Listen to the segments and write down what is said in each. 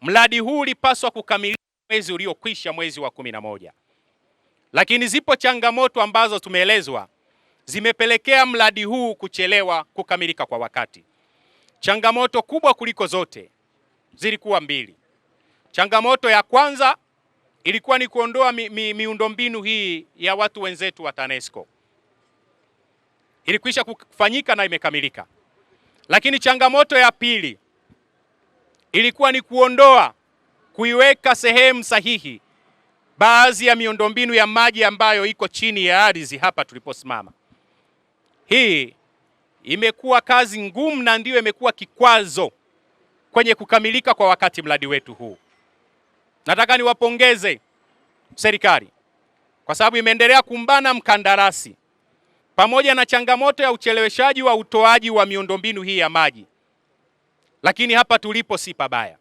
Mradi huu ulipaswa kukamilika mwezi uliokwisha, mwezi wa kumi na moja, lakini zipo changamoto ambazo tumeelezwa zimepelekea mradi huu kuchelewa kukamilika kwa wakati. Changamoto kubwa kuliko zote zilikuwa mbili. Changamoto ya kwanza ilikuwa ni kuondoa mi, mi, miundombinu hii ya watu wenzetu wa TANESCO. Ilikwisha kufanyika na imekamilika, lakini changamoto ya pili ilikuwa ni kuondoa, kuiweka sehemu sahihi baadhi ya miundombinu ya maji ambayo iko chini ya ardhi hapa tuliposimama. Hii imekuwa kazi ngumu na ndiyo imekuwa kikwazo kwenye kukamilika kwa wakati mradi wetu huu. Nataka niwapongeze serikali kwa sababu imeendelea kumbana mkandarasi pamoja na changamoto ya ucheleweshaji wa utoaji wa miundombinu hii ya maji lakini hapa tulipo si pabaya.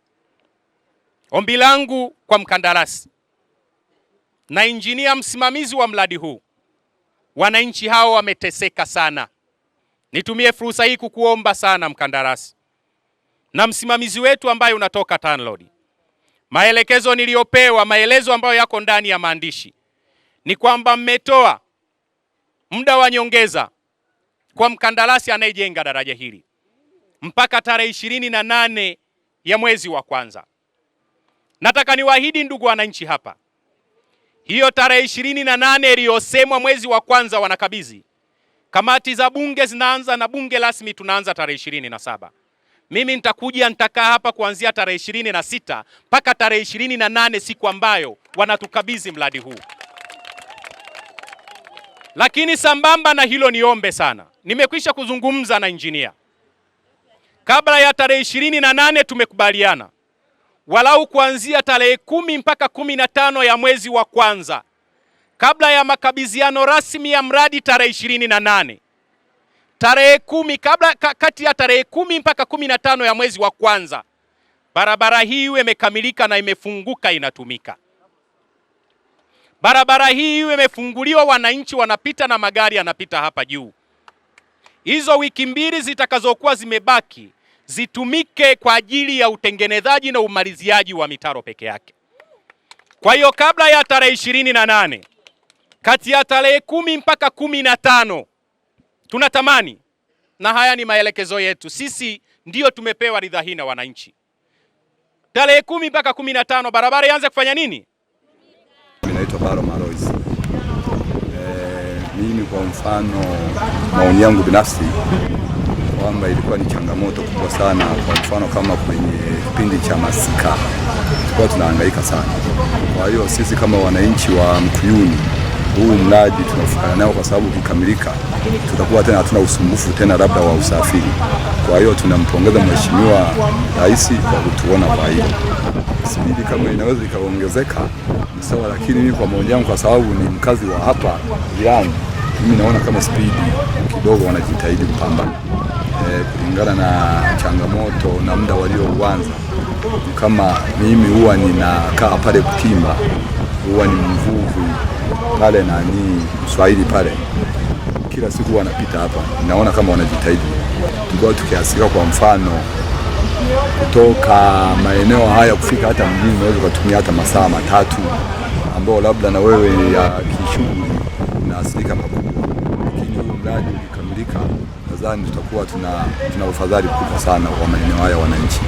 Ombi langu kwa mkandarasi na injinia msimamizi wa mradi huu, wananchi hao wameteseka sana. Nitumie fursa hii kukuomba sana mkandarasi na msimamizi wetu ambaye unatoka TANROADS, maelekezo niliyopewa, maelezo ambayo yako ndani ya maandishi ni kwamba mmetoa muda wa nyongeza kwa mkandarasi anayejenga daraja hili mpaka tarehe ishirini na nane ya mwezi wa kwanza. Nataka niwaahidi ndugu wananchi hapa, hiyo tarehe ishirini na nane iliyosemwa mwezi wa kwanza wanakabidhi. Kamati za bunge zinaanza na bunge rasmi tunaanza tarehe ishirini na saba. Mimi nitakuja nitakaa hapa kuanzia tarehe ishirini na sita mpaka tarehe ishirini na nane siku ambayo wanatukabidhi mradi huu. Lakini sambamba na hilo, niombe sana, nimekwisha kuzungumza na injinia kabla ya tarehe ishirini na nane tumekubaliana walau kuanzia tarehe kumi mpaka kumi na tano ya mwezi wa kwanza kabla ya makabidhiano rasmi ya mradi tarehe ishirini na nane tarehe kumi kabla kati ya tarehe kumi mpaka kumi na tano ya mwezi wa kwanza barabara hii iwe imekamilika na imefunguka inatumika. Barabara hii iwe imefunguliwa, wananchi wanapita na magari yanapita hapa juu. Hizo wiki mbili zitakazokuwa zimebaki zitumike kwa ajili ya utengenezaji na umaliziaji wa mitaro peke yake. Kwa hiyo kabla ya tarehe ishirini na nane kati ya tarehe kumi mpaka kumi na tano tunatamani, na haya ni maelekezo yetu sisi, ndiyo tumepewa ridha hii na wananchi, tarehe kumi mpaka kumi na tano barabara ianze kufanya nini? Inaitwa Baro Marois. E, eh, mimi kwa mfano maoni yangu binafsi kwamba ilikuwa ni changamoto kubwa sana. Kwa mfano kama kwenye kipindi cha masika tulikuwa tunahangaika sana. Kwa hiyo sisi kama wananchi wa Mkuyuni, huu mradi tunafurahia nao kwa sababu ukikamilika, tutakuwa tena hatuna usumbufu tena labda wa usafiri. Kwa hiyo tunampongeza Mheshimiwa Rais kwa kutuona. Kwa hiyo spidi kama inaweza ikaongezeka ni sawa, lakini mimi kwa maoni yangu, kwa sababu ni mkazi wa hapa jirani, mimi naona kama spidi kidogo wanajitahidi kupambana kulingana na changamoto na muda waliouanza. Kama mimi huwa ninakaa pale kutimba, huwa ni mvuvi pale na ni Mswahili pale, kila siku huwa napita hapa, naona kama wanajitahidi. Tulikuwa tukiasika kwa mfano kutoka maeneo haya kufika hata mjini, unaweza ukatumia hata masaa matatu, ambao labda na wewe ya kishughuli unaasirika makubwa lakini huyu mradi ukikamilika nadhani tutakuwa tuna, tuna ufadhali mkubwa sana kwa maeneo haya wananchi.